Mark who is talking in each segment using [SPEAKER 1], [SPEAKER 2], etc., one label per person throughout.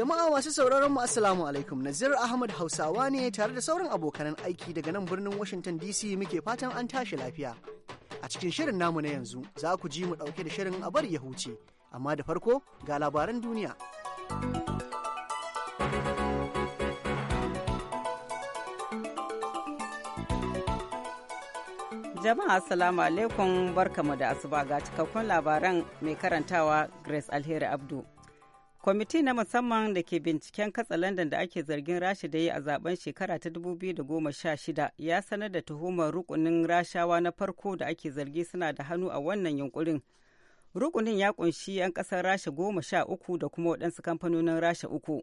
[SPEAKER 1] Jama'a masu sauraron mu Assalamu alaikum Nazir Ahmad Hausawa ne tare da sauran abokanan aiki daga nan birnin Washington DC muke fatan an tashi lafiya. A cikin shirin namu na yanzu za ku ji mu ɗauke da shirin a bar ya huce, amma da farko ga labaran duniya.
[SPEAKER 2] Jama'a Assalamu alaikum barkamu da asuba ga cikakkun labaran mai karantawa Grace Alheri Abdu. kwamiti na musamman da ke binciken katsalandan da ake zargin rasha da yi a zaben shekara ta 2016 ya sanar da tuhumar rukunin rashawa na farko da ake zargi suna da hannu a wannan yunkurin rukunin ya kunshi 'yan kasar rasha goma sha uku da kuma waɗansu kamfanonin rasha uku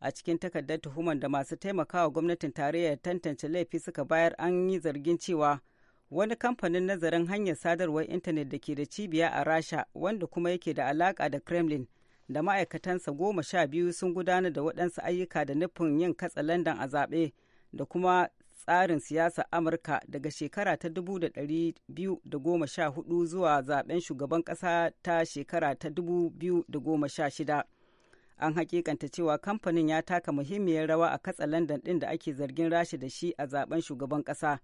[SPEAKER 2] a cikin takardar tuhumar da masu taimakawa gwamnatin tarayyar tantance laifi suka bayar an yi zargin cewa wani kamfanin nazarin hanyar sadarwar intanet da ke da cibiya a rasha wanda kuma yake da alaka da kremlin da ma'aikatansa goma sha biyu sun gudanar da waɗansu ayyuka da nufin yin katsa london a zaɓe da kuma tsarin siyasa amurka daga shekara ta hudu zuwa zaɓen shugaban ƙasa ta shekara ta shida an hakikanta cewa kamfanin ya taka muhimmiyar rawa a katsa katsalandan ɗin da ake zargin rashi da shi a zaɓen shugaban ƙasa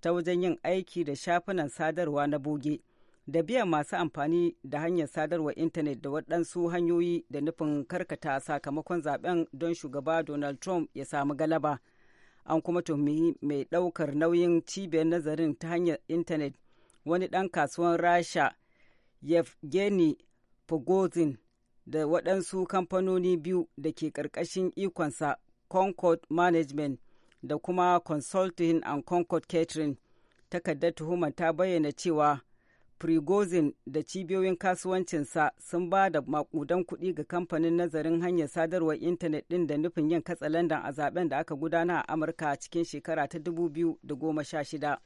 [SPEAKER 2] ta wajen yin aiki da shafunan sadarwa na boge. da biyan masu amfani da hanyar sadarwar intanet da waɗansu hanyoyi da nufin karkata sakamakon zaben don shugaba donald trump ya samu galaba an kuma tuhumi mai ɗaukar nauyin cibiyar nazarin ta hanyar intanet wani ɗan kasuwan rasha yevgeny pogozin da waɗansu kamfanoni biyu da ke ƙarƙashin ikonsa concord management da kuma consulting and concord catering takardar tuhumar ta bayyana cewa prigozhin da cibiyoyin kasuwancinsa sun ba da makudan kuɗi ga kamfanin nazarin hanyar sadarwar intanet ɗin da nufin yin katsalandan a zaben da aka gudana a amurka cikin shekara ta 2016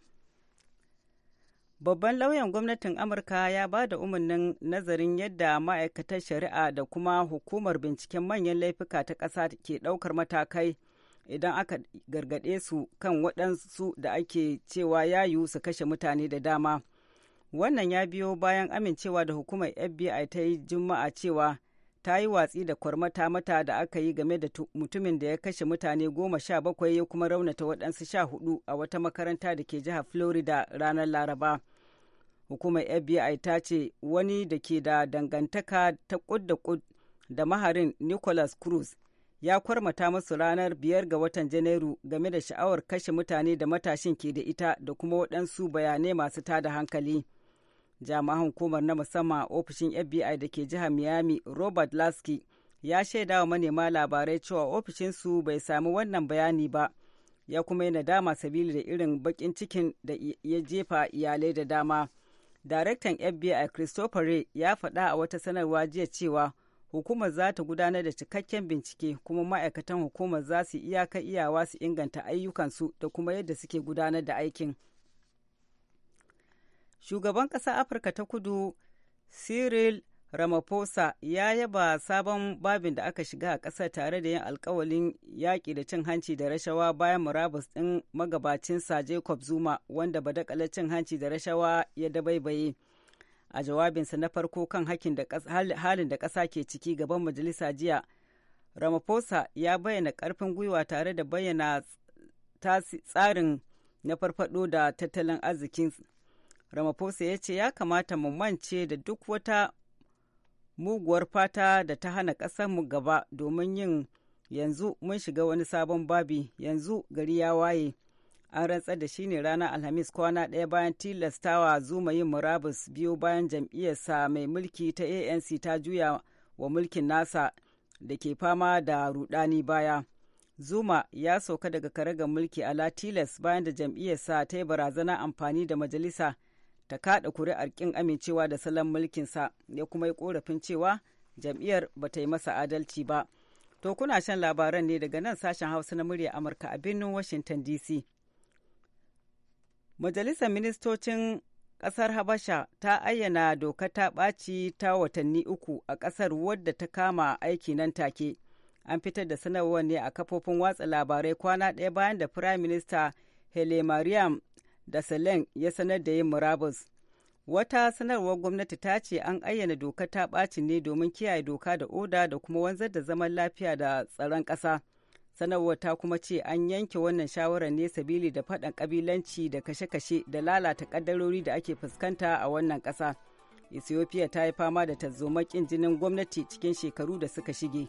[SPEAKER 2] babban lauyan gwamnatin amurka ya ba da umarnin nazarin yadda ma'aikatar shari'a da kuma hukumar binciken manyan laifuka ta ƙasa ke ɗaukar matakai idan aka gargaɗe su kan waɗansu da ake cewa ya yiwu su kashe mutane da dama. Wannan ya biyo bayan amincewa da hukumar FBI ta yi Juma'a cewa ta yi watsi da kwarmata mata da aka yi game da mutumin da ya kashe mutane goma sha bakwai ya kuma raunata waɗansu sha hudu a wata makaranta da ke jihar Florida ranar Laraba. Hukumar FBI ta ce wani da ke da dangantaka ta kud da kud da maharin Nicholas Cruz ya kwarmata masu ranar biyar ga watan Janairu game da sha'awar kashe mutane da matashin ke da ita da kuma waɗansu bayanai masu tada hankali. jami'an hukumar na musamman ofishin fbi da ke jihar miami robert lasky ya shaida wa manema labarai cewa ofishinsu bai sami wannan bayani ba ya kuma yi nadama sabili da irin bakin cikin da ya jefa iyalai da dama daraktan fbi christopher Ray ya faɗa a wata sanarwa jiya cewa hukumar za ta gudanar da cikakken bincike kuma ma'aikatan hukumar za su iyaka iyawa su inganta ayyukansu da kuma yadda suke gudanar da aikin shugaban ƙasar afirka ta kudu cyril ramaphosa ya yaba sabon babin da aka shiga a ƙasar tare da yin alkawalin yaƙi da cin hanci da rashawa bayan murabus ɗin magabacinsa jacob zuma wanda badakalar cin hanci da rashawa ya dabaibaye a jawabinsa na farko kan halin da ƙasa ke ciki gaban majalisa jiya ramaphosa ya bayyana ƙarfin gwiwa tare da bayyana tsarin na farfado da tattalin arzikin Ramaphosa ya ce ya kamata mu mance da duk wata muguwar fata da ta hana mu gaba domin yin yanzu mun shiga wani sabon babi yanzu gari ya waye an rantsar da shi ne ranar alhamis kwana ɗaya bayan tilastawa zuma yin murabus biyu bayan jam'iyyarsa mai mulki ta anc ta juya wa mulkin nasa da ke fama da rudani baya zuma ya sauka daga karagar mulki a latilas bayan da jam'iyyarsa ta yi barazana amfani da majalisa ta kaɗa kuri'ar kin amincewa da salon mulkin sa ya kuma yi korafin cewa jam'iyyar ba ta yi masa adalci ba. To kuna shan labaran ne daga nan sashen Hausa na murya Amurka a birnin Washington DC. Majalisar ministocin kasar Habasha ta ayyana doka ta ɓaci ta watanni uku a ƙasar wadda ta kama aiki nan take. An fitar da sanarwar ne a kafofin watsa labarai kwana ɗaya bayan da Firayim Minista Hele Mariam da Selen ya sanar da yin murabus. Wata sanarwar gwamnati ta ce an ayyana doka ta ɓaci ne domin kiyaye doka da oda da kuma wanzar da zaman lafiya da tsaron ƙasa. Sanarwar ta kuma ce an yanke wannan shawarar ne sabili da faɗan ƙabilanci da kashe-kashe da lalata ƙaddarori da ake fuskanta a wannan ƙasa. Ethiopia ta yi fama da ƙin jinin gwamnati cikin shekaru da suka shige.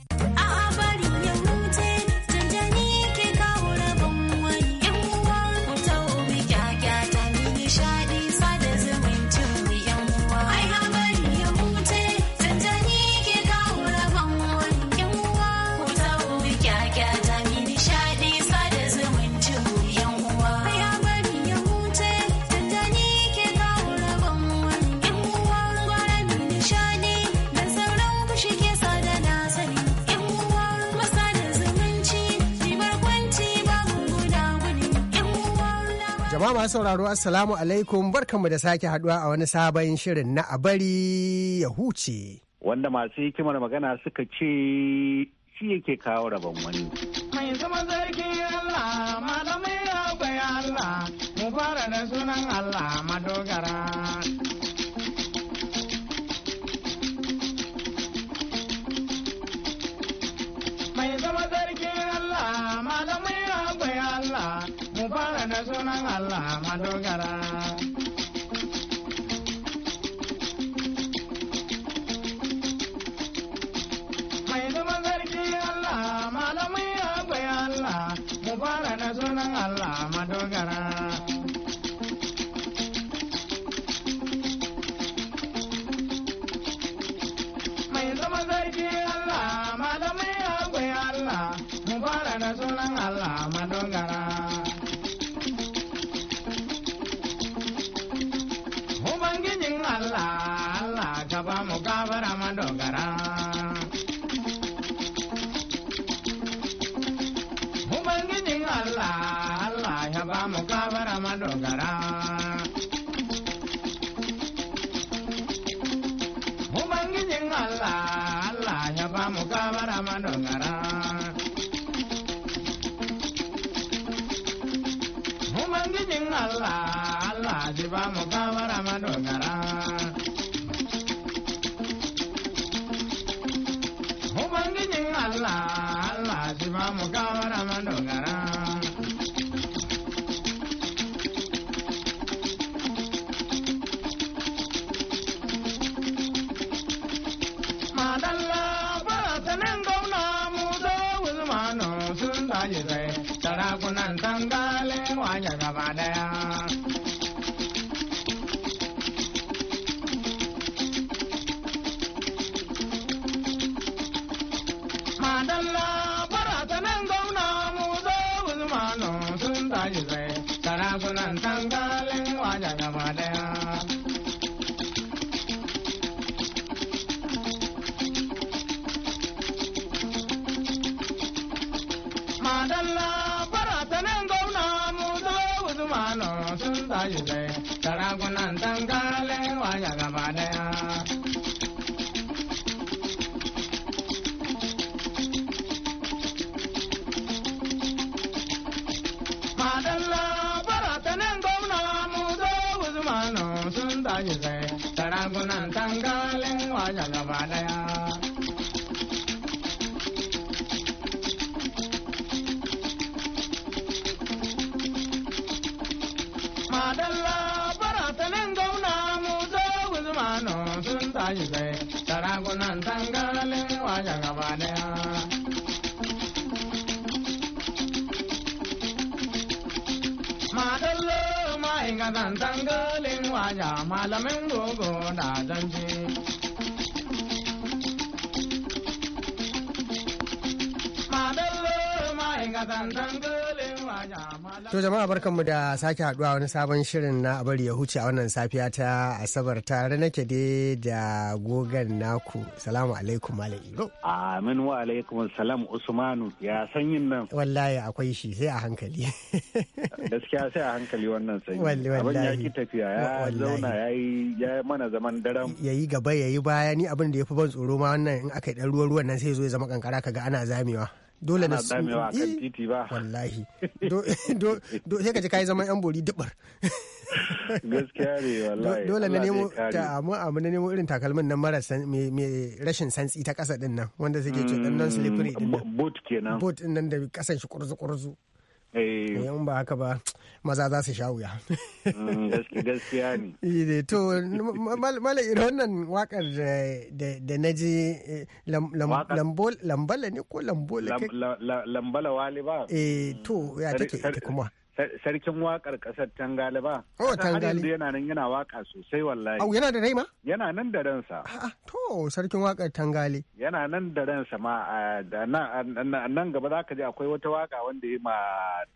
[SPEAKER 3] masu sauraro assalamu alaikum barkanmu da sake haduwa a wani sabon shirin na abari ya huce.
[SPEAKER 4] Wanda masu hikimar magana suka ce shi yake kawo rabon wani.
[SPEAKER 5] Mai zama zarki Allah, malamai ya Allah, mu fara da sunan Allah madogara. mu fara da sunan Allah madogara. Ubangijin Allah, Allah ji ba mu gawara madogara. Amen. dangalin waya malamin gogo na danje. Madallo ma'aikatan dangalin
[SPEAKER 3] To jama'a barkanmu da sake haduwa wani sabon shirin na bari ya huce a wannan safiya ta Asabar tare nake dai da gogan naku. Salamu alaikum Malam Iro.
[SPEAKER 4] Amin wa alaikum salam Usmanu ya sanyin nan.
[SPEAKER 3] Wallahi akwai shi sai a hankali.
[SPEAKER 4] Gaskiya sai a hankali wannan sanyi. Abin ya ki tafiya ya zauna ya yi ya mana zaman daren.
[SPEAKER 3] Ya yi gaba ya yi baya ni abin da ya fi ban tsoro ma wannan in aka yi ɗan ruwa ruwan nan sai zo ya zama kankara kaga ana zamewa.
[SPEAKER 4] dole na su eh,
[SPEAKER 3] titi ba wallahi sai ka ji kai zaman yan bori dubar gaskiya ne wallahi dole na nemo ta amma amma na nemo irin takalmin nan mara mai rashin santsi ta kasa din nan wanda suke ce dan mm, non slippery din
[SPEAKER 4] boot kenan boot
[SPEAKER 3] din nan da kasan shi kurzu kurzu Eh, eh, in ba haka ba maza za su sha wuya
[SPEAKER 4] mm, gaskiya
[SPEAKER 3] ne to mala irin wannan wakar da na ji eh, lambala ne ko
[SPEAKER 4] lambola lambala wali ba eh to ya mm. take kuma sarkin wakar kasar tangaliba. ba. Oh, tangali. yana nan yana waka sosai wallahi. Au, yana da rai ma? Yana nan da ransa.
[SPEAKER 3] to sarkin wakar tangali.
[SPEAKER 4] Yana nan da ransa ma nan gaba za ka ji akwai wata waka wanda ya ma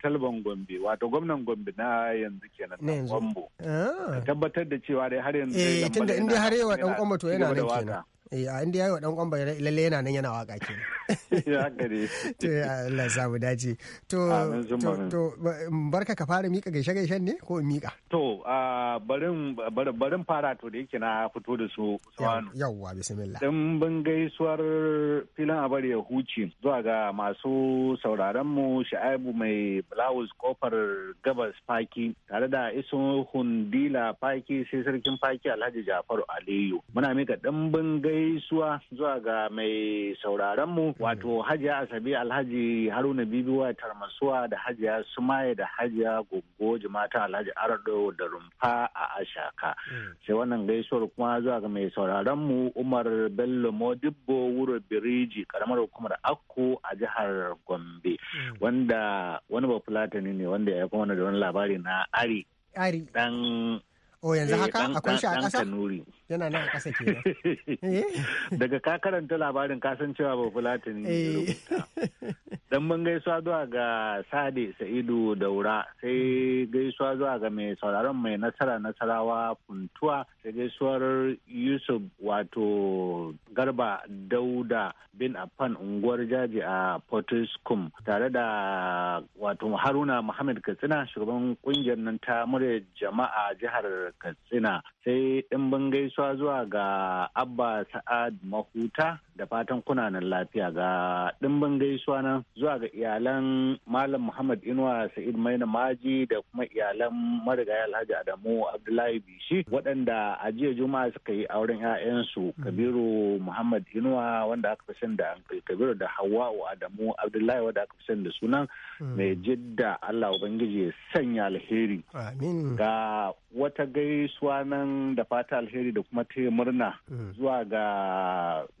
[SPEAKER 4] talban Gombe wato gwamnan Gombe na yanzu kenan dan Gombo. Ah. Tabbatar da cewa dai har yanzu. Eh, tunda inda har yawa dan Gombe to yana nan kenan.
[SPEAKER 3] eh a inda yayi wa dan kwamba lalle yana nan yana waka ke to Allah sa mu dace to to barka ka fara mika gaishe gaishen ne ko mika
[SPEAKER 4] to barin barin fara to da yake na fito da su sawanu yawwa bismillah dan bin gaisuwar filin abar ya huce zuwa ga masu sauraron mu Sha'ibu mai blouse kofar gabas faki tare da isu hundila faki sai sarkin faki Alhaji Jafaru Aliyu muna mika dimbin gaisuwar gaisuwa zuwa ga mai sauraronmu mm. wato hajiya asabi alhaji haruna bibiwa tarmasuwa da hajiya sumaye da hajiya gogo jimata alhaji arado da rumfa a ashaka mm. sai wannan gaisuwar kuma zuwa ga mai sauraronmu umar bello modibbo wuro biriji karamar hukumar akko a jihar gombe mm. wanda wani bafulatani ne wanda ya kuma da wani labari na ari ari dan Oh, yanzu eh, haka akwai shi a ƙasa yana nan a ƙasa ke eh? daga ka karanta labarin ka san cewa ba ne eh. dan mun gaisuwa zuwa ga sade sa'idu daura sai gaisuwa zuwa ga mai sauraron mai nasara nasarawa funtuwa sai gaisuwar yusuf wato garba dauda bin afan unguwar jaji a potiskum tare da wato haruna muhammad katsina shugaban kungiyar nan ta murya jama'a jihar katsina sai ɗimbin gaisuwa zuwa ga abba sa'ad mahuta da fatan kunanan lafiya ga ɗimbin gaisuwa nan zuwa ga iyalan Malam Muhammad Inuwa Sa'id Maina Maji da kuma iyalan marigaya Alhaji Adamu Abdullahi Bishi waɗanda a jiya Juma'a suka yi auren 'ya'yansu mm. Kabiru Muhammad Inuwa wanda aka fi san da Kabiru da wa Adamu Abdullahi wanda aka fi san da sunan mm. mai jidda Allah Ubangiji ya sanya alheri. Ga wata gaisuwa nan da fata alheri da kuma ta murna mm. zuwa ga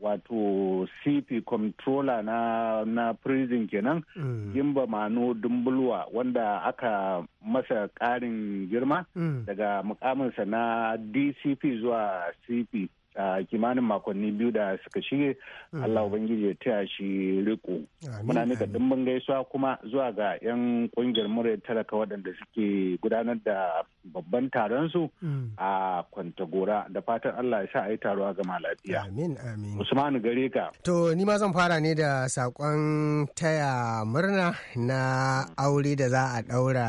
[SPEAKER 4] wato cp controller na, na prison kenan mm. gimba mano dumbulwa wanda aka masa ƙarin girma mm. daga mukaminsa na dcp zuwa cp a uh, kimanin makonni biyu da suka shige mm. Allah Ubangiji ya taya shi riko. Muna nika dimbin gaisuwa kuma zuwa ga 'yan kungiyar mura talaka waɗanda suke gudanar da babban taron su mm. a kwantagora da fatan Allah ya sa a yi taro a gama lafiya. Amin amin. Usmanu gare ka.
[SPEAKER 3] To ni ma zan fara ne da sakon taya murna na aure da za a daura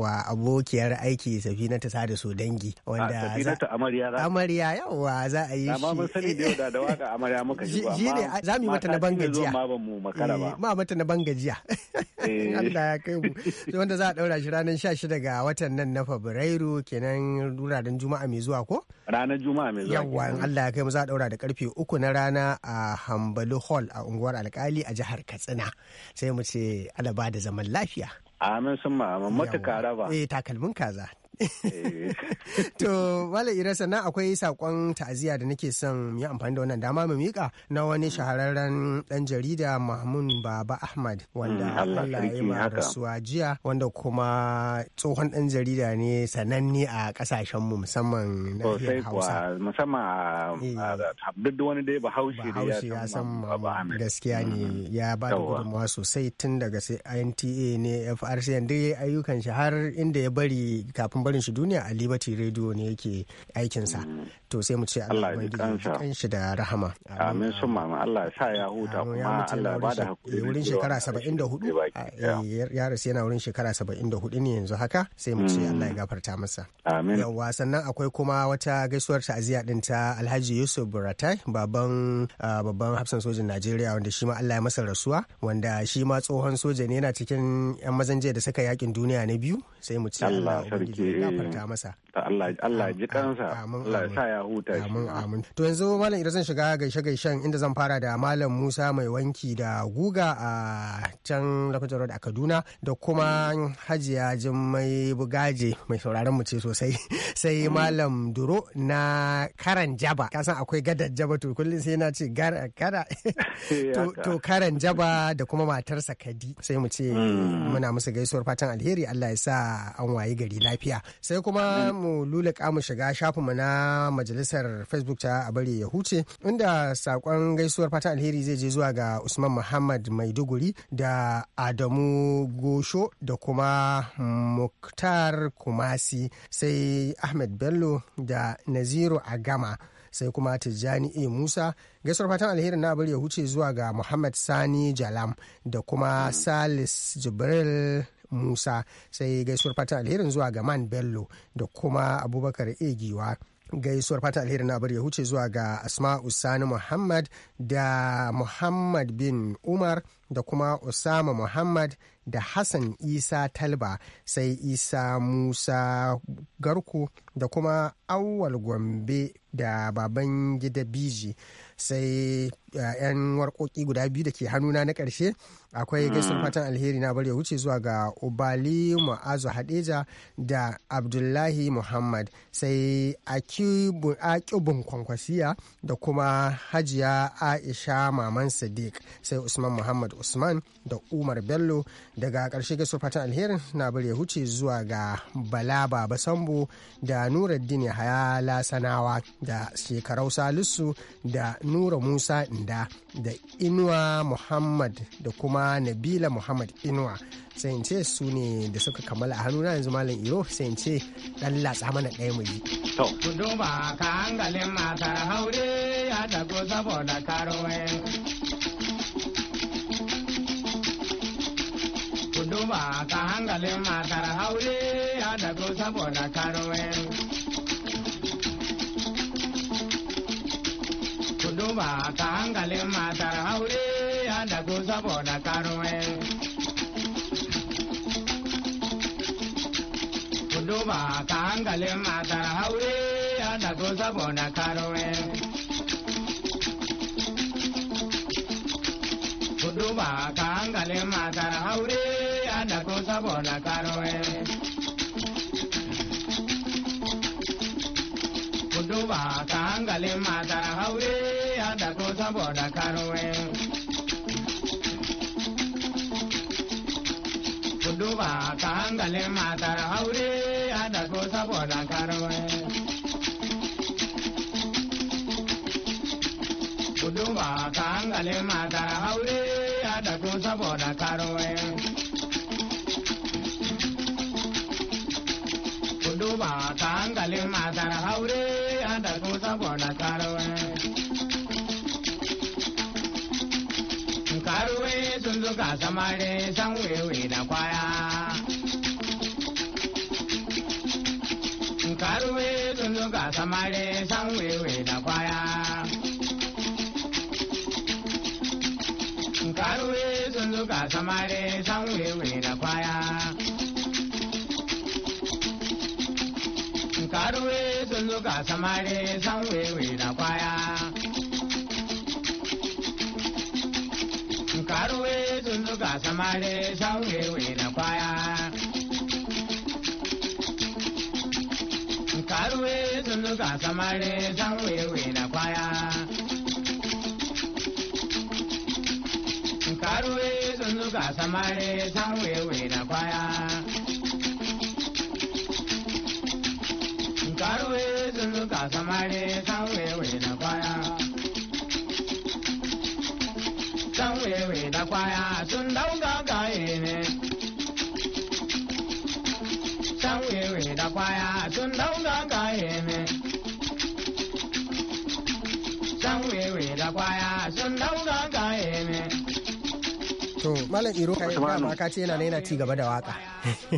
[SPEAKER 3] wa abokiyar aiki na tasa da so dangi wanda za a amarya amarya yawa za a yi shi. Amma mun sani da yau da waka amarya muka shi. ba. Shi ne za mu yi mata na bangajiya. Eh, ma mata na bangajiya.
[SPEAKER 4] Eh. Allah ya kai mu.
[SPEAKER 3] Wanda za a ɗaura shi ranar 16 ga watan nan na Fabrairu. Fabrairu kenan wuraren Juma'a mai zuwa ko?
[SPEAKER 4] Ranar Juma'a mai zuwa. Yawwa in Allah
[SPEAKER 3] ya kai mu za a daura da karfe uku na rana a Hambalu Hall a unguwar Alkali a jihar Katsina. Sai mu ce alaba da zaman lafiya.
[SPEAKER 4] Amin sun ma'amin matuƙa raba. Eh
[SPEAKER 3] takalmin kaza.
[SPEAKER 4] Eh.
[SPEAKER 3] to wale ira sannan akwai sakon ta'aziyya da nake son yi amfani da wannan dama mu mika na wani shahararren dan jarida Mahmud Baba Ahmad wanda mm, Allah ya ma rasuwa jiya wanda kuma tsohon dan jarida ne sananne a kasashen mu musamman na Hausa
[SPEAKER 4] musamman eh. a duk wani dai ba ya san gaskiya ne
[SPEAKER 3] mm. ya ba da gudunmawa sosai tun daga sai nta ne FRC duk ayyukan shi har inda ya bari kafin barin shi duniya a liberty radio ne yake aikinsa mm. to sai mu ce Allah ya kan shi da rahama
[SPEAKER 2] amin
[SPEAKER 4] sun mama Allah ya sa ya huta kuma Allah ya bada hakuri eh, wurin shekara 74
[SPEAKER 3] eh, ya rasu yana wurin shekara 74 ne yanzu haka sai mu ce mm. Allah ya gafarta masa amin yawa sannan akwai kuma wata gaisuwar ta'aziyya din ta Alhaji Yusuf Buratai baban babban hafsan sojin Najeriya wanda shi ma Allah ya masa rasuwa wanda shi ma tsohon soja ne yana cikin yan mazan jiya da suka yakin duniya na biyu sai mu ce Allah ya Eh, gafarta masa
[SPEAKER 4] Allah ji kansa Allah sa ya huta amin amin
[SPEAKER 3] to yanzu malam idan zan shiga gaishe gaishen inda zan fara da malam Musa mai wanki da guga a can lokacin Road a Kaduna da kuma Hajiya Jummai Bugaje mai sauraron mu ce sosai sai malam Duro na Karan Jaba Ka san akwai gadar Jaba to kullum sai na ce gara eh, to Karan Jaba da kuma matarsa Kadi sai mu ce mm. muna musu gaisuwar fatan alheri Allah ya sa an wayi gari lafiya sai kuma mu lulaka mu shiga shafinmu na majalisar facebook ta a bari ya huce inda sakon gaisuwar fata alheri zai je zuwa ga usman muhammad maiduguri da adamu gosho da kuma muktar kumasi sai ahmed bello da naziru agama sai kuma tijjani e musa gaisuwar fatan alherin na bari ya huce zuwa ga muhammad sani jalam da kuma salis jibril musa sai gaisuwar fata alherin zuwa ga man bello da kuma abubakar egiwa gaisuwar fata alheri na ya huce zuwa ga asma usani muhammad da muhammad bin umar da kuma usama muhammad da hassan isa talba sai isa musa garko da kuma awwal gombe da baban gida biji sai eh, yan warkoki guda biyu da ke hannuna na karshe akwai hmm. gaisuwar fatan alheri na bari ya wuce zuwa ga ubali mu'azu hadeja da abdullahi muhammad sai akibun kwankwasiya da kuma hajiya aisha maman sadiq sai usman muhammad usman da umar bello daga karshe gaisuwar fatan alherin na bari ya wuce zuwa ga bala baba sambo da nuruddin haya lasanawa da shekarau salisu da nura musa inda da inuwa muhammad da kuma nabila muhammad inuwa sai ce su ne da suka kammala a na yanzu malam iro sai ce dan latsa mana ɗaya
[SPEAKER 5] mu yi. to ku duba ka hangalin matar haure ya tago saboda karuwa duba ka hankalin matar aure ya dago saboda karuwe. duba ka hankalin matar haure ya dago saboda karuwe. Ku duba ka hankalin matar haure ya dago saboda karuwe. Ku duba ka hankalin matar haure saboda karowe. Eh. Ku duba ka hankalin matar haure ya da ku saboda karowe. Eh. Ku duba ka hankalin matar samare san wewe da kwaya. Karuwe tunu samare san wewe da kwaya. Karuwe tunu samare san wewe da kwaya. Karuwe samare san wewe da kwaya. Karuwe ga samare sauyewe na kwaya. Karuwe sun ga samare sauyewe kwaya. Karuwe sun samare kwaya. Karuwe sun samare kwaya. kwaya.
[SPEAKER 3] to malam iro kai dama ka ce yana yana ci gaba da waka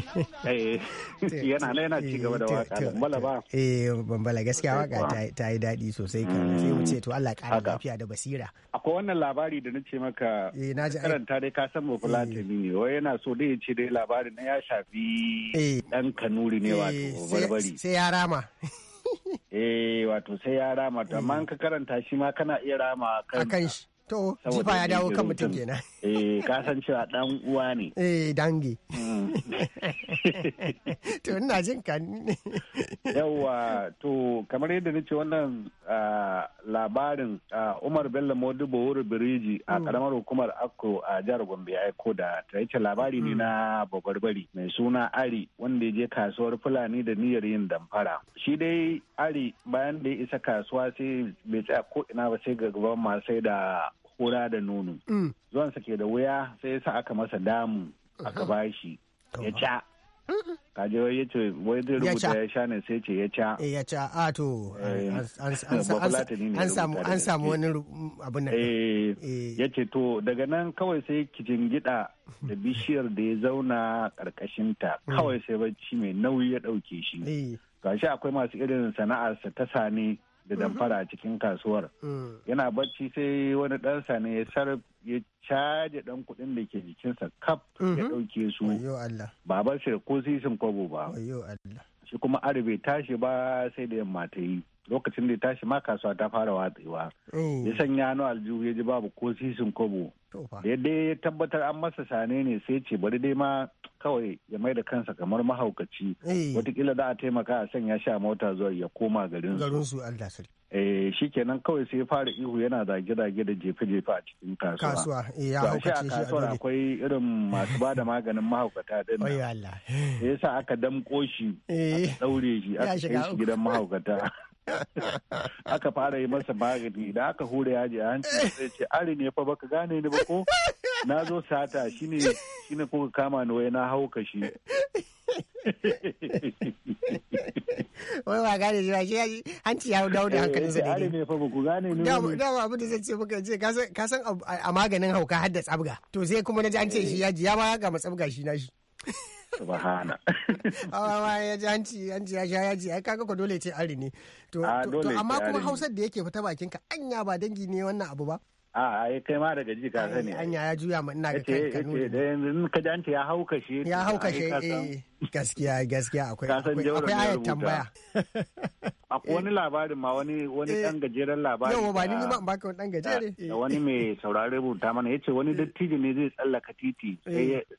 [SPEAKER 4] eh yana yana ci gaba da eh, waka bambala ba
[SPEAKER 3] eh bambala gaskiya waka ta yi daɗi sosai kan mm. sai mu ce to Allah ƙara lafiya da basira
[SPEAKER 4] akwai wannan labari da nace maka eh, karanta dai ka san mu fulatani ne wai yana so dai ya ce dai labarin na ya shafi dan eh. kanuri ne wato barbari
[SPEAKER 3] sai ya rama
[SPEAKER 4] eh wato sai ya rama to amma ka karanta shi ma kana iya rama kan shi
[SPEAKER 3] To, jifa ya dawo kan mutum kenan.
[SPEAKER 4] Eh, kasan cewa ɗan uwa ne. Eh,
[SPEAKER 3] dangi. Mm. To, ina jin ka
[SPEAKER 4] Yawwa, to, kamar yadda nace wannan labarin Umar Bello Modibo Wuri Biriji a karamar mm. hukumar Akko a jihar Gombe ya aiko da ta yace labari ne mm. na bagwarbari mai suna Ari wanda ya je kasuwar Fulani da niyyar yin damfara. Shi dai Ari bayan da ya isa kasuwa sai bai tsaya ko ina ba sai ga gaban masai sai da kura da nono mm. zuwan sa ke da wuya sai ya sa aka masa damu aka bashi ya ca kaje wai yace wai zai rubuta ya sha ne sai ce ya ca
[SPEAKER 3] eh ya ca a to eh, an samu an samu wani
[SPEAKER 4] abun nan eh, eh. ce to daga nan kawai sai kicin gida da bishiyar da ya zauna karkashin ta mm. kawai sai bacci mai nauyi ya dauke shi eh. gashi akwai masu irin sana'ar sa ta sane da mhm. damfara a cikin kasuwar mm. yana bacci sai wani ɗansa sani ya sarraf ya caje ɗan kuɗin da ke jikinsa kaf ya mhm. ɗauke su babar shi ko sisin kwabo ba shi kuma arabe tashi ba sai da yamma ta yi lokacin da ya tashi ma kasuwa ta fara watsewa oh. ya sanya hannu aljihu ya ji babu ko sisin kwabo yadda ya tabbatar an masa sane ne sai ce bari dai ma kawai ya mai da kansa kamar mahaukaci eh. watakila za a taimaka a sanya sha mota zuwa ya koma garin su Allah eh shikenan kawai sai fara ihu yana zage-zage da jefe-jefe a cikin kasuwa kasuwa eh, ya haukace shi a kasuwa akwai irin masu bada maganin mahaukata din nan Allah yasa aka damko shi eh. aka daure shi aka kai shi gidan mahaukata aka fara yi masa magani da aka hure yaji a hanci sai ce ari ne fa baka gane ni ba ko na zo sata shine shine kuka kama ni wai na hauka shi wai
[SPEAKER 3] ba gane shi ba shi hanci ya dawo da hankali sa eh, daidai
[SPEAKER 4] ne fa ba gane ni da ba
[SPEAKER 3] abin da zan ce muka ce ka san a maganin hauka hadda tsabga to sai kuma na ji an ce shi yaji ya ma ga matsabga shi na shi subhana awa ah, ya ji hanci hanci ya sha ji ya kaga ko dole
[SPEAKER 4] ce ari ne to ah, amma kuma hausar
[SPEAKER 3] da yake fita bakin ka anya ba dangi ne wannan abu ba
[SPEAKER 4] a ah, ai kai ma daga ji ka sani anya ya juya ma ina ga kai kanu da yanzu ka hanci ya hauka shi ya hauka shi eh,
[SPEAKER 3] gaskiya gaskiya akwai akwai ayat tambaya
[SPEAKER 4] Akwai eh. wani labarin ma wani wani eh. ɗan gajeren labari. ba ni ma gajere. Da wani mai eh. saurare rubuta mana yace wani dattijo ne zai tsallaka titi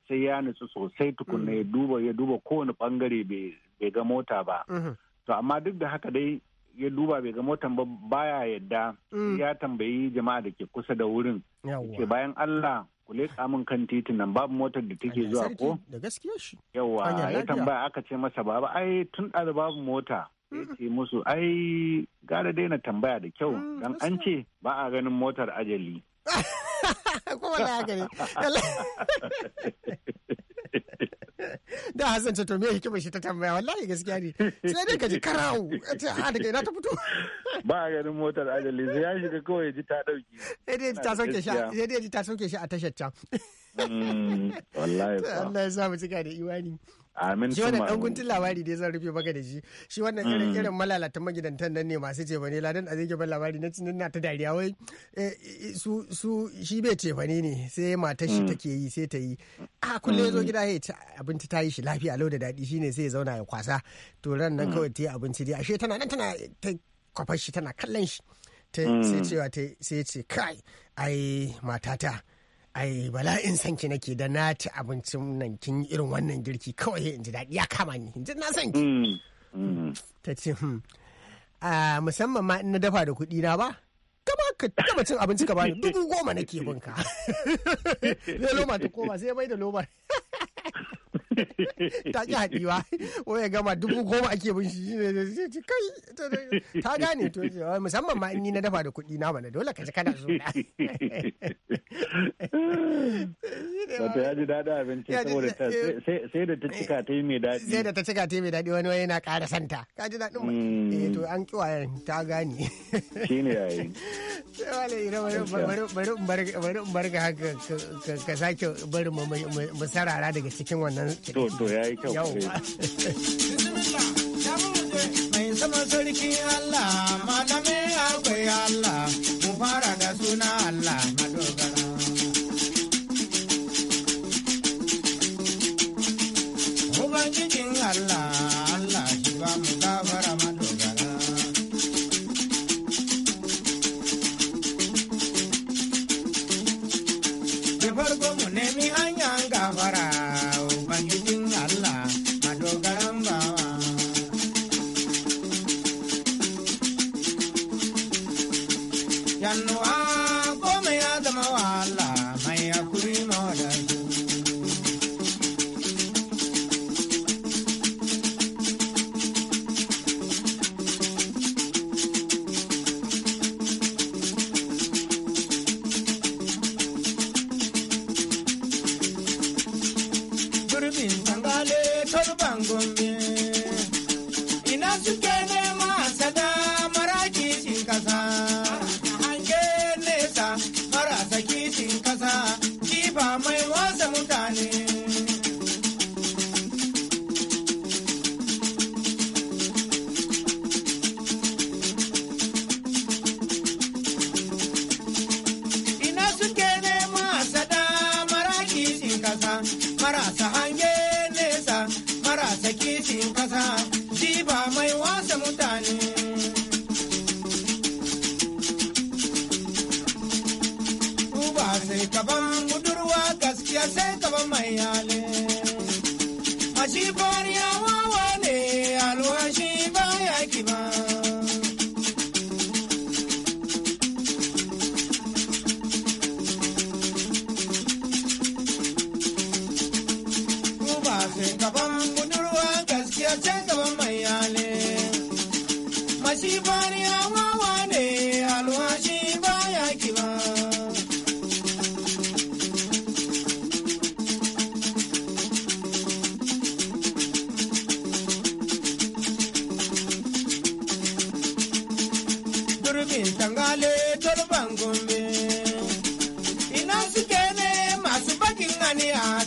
[SPEAKER 4] sai ya nutsu sosai tukunna mm. ya duba ya duba kowane bangare bai ga mota ba. Mm-hmm. To amma duk da haka dai ya duba bai ga motan ba baya yadda mm. ya tambayi jama'a da ke kusa da wurin. Ke bayan Allah ku leƙa min kan titin nan babu motar da take zuwa ko? Da Yawwa ya tambaya aka ce masa baba ai tun ɗazu babu mota. sai mm. ce musu ai gara daina tambaya da kyau mm, don an ce ba a ganin motar ajali
[SPEAKER 2] kuma da haka ne
[SPEAKER 3] da Hassan ta to me hikimar shi ta tambaya wallahi gaskiya ne sai dai ka ji karawo a daga ina ta fito
[SPEAKER 4] ba a ganin motar ajali sai ya shiga kawai ji ta dauki sai
[SPEAKER 3] dai ji ta sauke shi a tashar can
[SPEAKER 4] Mm, wallahi Allah
[SPEAKER 3] ya sa mu cika da iwani. Amin Shi wannan dan guntun labari dai zan rufe maka da shi. Shi wannan mm. irin irin malalatan magidantan nan ne masu ce ne ladan azai ban labari na cinin na ta dariya wai eh, eh, su su shi bai ce ne sai matar shi mm. take yi sai ta yi. A ah, kullum ya zo gida ya ci abinci ta yi shi lafiya lau da daɗi shine sai ya zauna ya kwasa. To ran nan kawai ta yi abinci dai ashe tana nan tana ta kwafar shi tana kallon shi. Sai cewa ta sai ce kai ai matata. ai in san ki nake da na ci abincin nan kin irin wannan girki kawai in ji daɗi ya kama ni in ji na san ki mm, mm. ta ce hmm, musamman ma in na dafa da kuɗi na ba kama ka taba cin abinci ka bani dubu goma nake ka Zai loma ta koma sai bai da loma ta ki haɗiwa wai ya gama dubu goma ake bin shi ne kai ta gane to musamman ma in ni na dafa da kuɗi na bana dole ka ji kana so
[SPEAKER 4] wato ya ji daɗi abinci saboda eh, sai da ta cika ta yi mai daɗi sai
[SPEAKER 3] da ta cika ta yi mai daɗi wani wani yana ƙara santa ka ji
[SPEAKER 1] daɗin mm.
[SPEAKER 4] eh
[SPEAKER 3] to an kiwayen ta gane
[SPEAKER 4] shine yayi
[SPEAKER 3] sai wale bari bari bari ka sake bari mu sarara daga cikin wannan
[SPEAKER 4] to ya yi kyau
[SPEAKER 6] mai sama sarki Allah malami akwai Allah mu fara da suna Allah madogara ya no hay. ta kicin kasa Tanzania